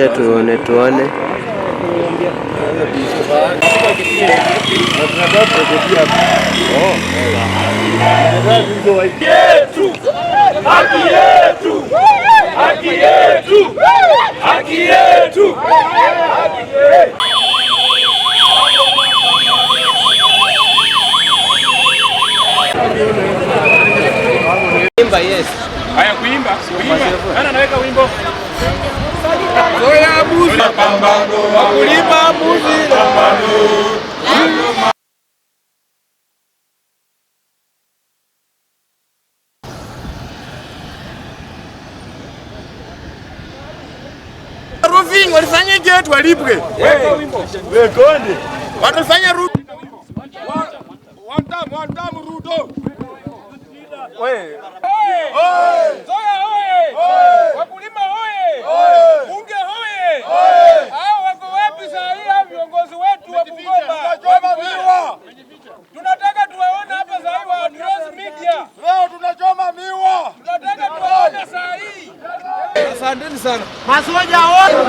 acha tuone tuone. Yes. soya mbuzi, wakulima mbuzi Roving walifanya jet walipwe. Wewe Watafanya rudo. One time, one time rudo. Wewe. Hey! Hey! Soya, hey! Hey! sana. Masoja wote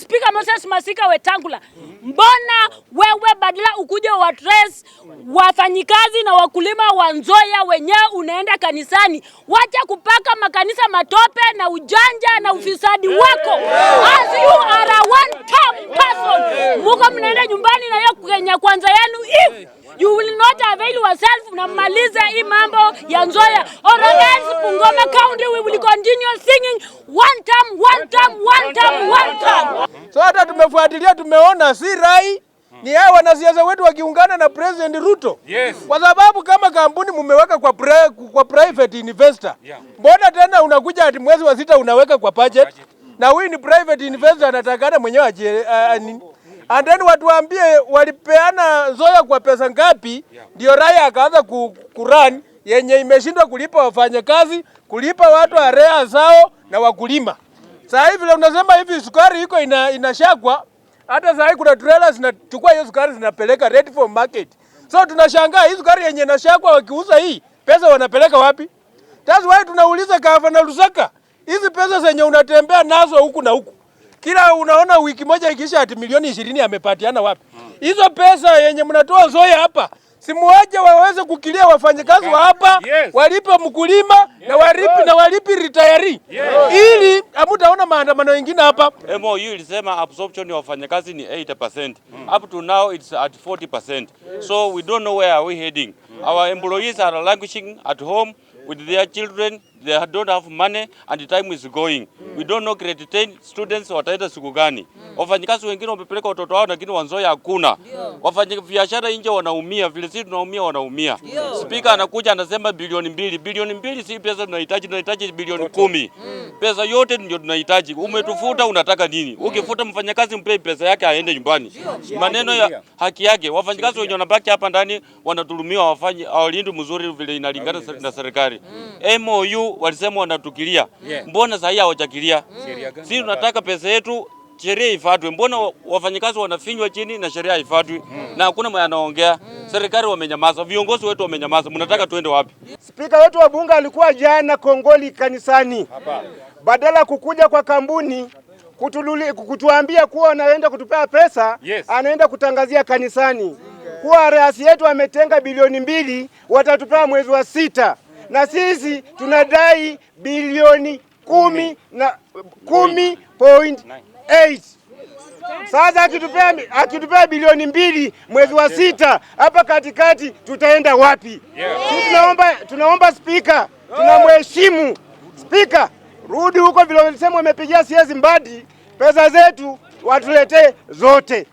Spika Moses Masika Wetangula, mbona wewe badala ukuje wa tres wafanyikazi na wakulima wa Nzoia wenyewe unaenda kanisani? Wacha kupaka makanisa matope na ujanja na ufisadi wako. hii mambo ya Nzoia. All right, Bungoma County, we will continue singing one time, one time, one time, one time. So hata tumefuatilia, tumeona si rai ni hao wanasiasa wetu wakiungana na President Ruto. Yes. Kwa sababu kama kampuni mumeweka kwa pra, kwa private investor. Yeah. Mbona tena unakuja hadi mwezi wa sita unaweka kwa budget? Budget. Na huyu ni private investor anatakana mwenyewe aje uh, andeni watuambie walipeana Nzoia kwa pesa ngapi, ndio Raia akaanza kurani yenye imeshindwa kulipa wafanyakazi, kulipa watu area zao na wakulima. Sasa hivi unasema hivi sukari iko ina, inashakwa hata sasa kuna trailers zinachukua hiyo sukari zinapeleka ready for market. So tunashangaa hii sukari yenye inashakwa wakiuza hii pesa wanapeleka wapi? That's why tunauliza Gavana Lusaka, hizi pesa zenye unatembea nazo huku na huku kila unaona wiki moja ikisha ati milioni ishirini amepatiana wapi? Hizo hmm. pesa yenye mnatoa Zoe hapa simuwaje waweze kukilia wafanyakazi wa hapa yes. Walipe mkulima yes. na walipi na walipi retiree yes. Ili amutaona maandamano mengine hapa. MOU ilisema absorption ya wafanyakazi ni 80%. Mm. Up to now it's at 40%. Yes. So we don't know where are we heading. Our employees are languishing at home with their children they don't have money and time is going mm. we don't know grade 10 students wataenda siku gani mm. wafanyikazi wengine wamepeleka watoto wao lakini Wanzoya hakuna mm. wafanya biashara nje wanaumia vile sisi tunaumia wanaumia mm. spika anakuja anasema bilioni mbili bilioni mbili si pesa tunahitaji tunahitaji bilioni kumi mm. pesa yote ndio tunahitaji umetufuta unataka nini mm. ukifuta mfanyakazi mpe pesa yake aende nyumbani yeah. maneno ya haki yake wafanyikazi wenye wanabaki hapa ndani wanadhulumiwa wafanyi awalindu mzuri vile inalingana na serikali serikali mm. MOU walisema wanatukilia yeah. Mbona hii hawajakilia mm. si tunataka pesa yetu, sheria ifuatwe. Mbona wafanyikazi wanafinywa chini na sheria haifuatwi mm. na hakuna mwana anaongea mm. Serikali wamenyamaza, viongozi wetu wamenyamaza, mnataka tuende wapi? Spika wetu wa bunge alikuwa jana Kongoli kanisani Hapa. badala kukuja kwa kutululi, kutuambia kuwa anaenda kutupea pesa yes. anaenda kutangazia kanisani kuwa rais yetu ametenga bilioni mbili watatupea mwezi wa sita na sisi tunadai bilioni kumi na kumi point eight. Sasa akitupea akitupea bilioni mbili mwezi wa sita hapa katikati, tutaenda wapi? Yeah. Tunaomba, tunaomba spika, tunamheshimu spika, rudi huko vile ulisema umepigia siezi Mbadi, pesa zetu watuletee zote.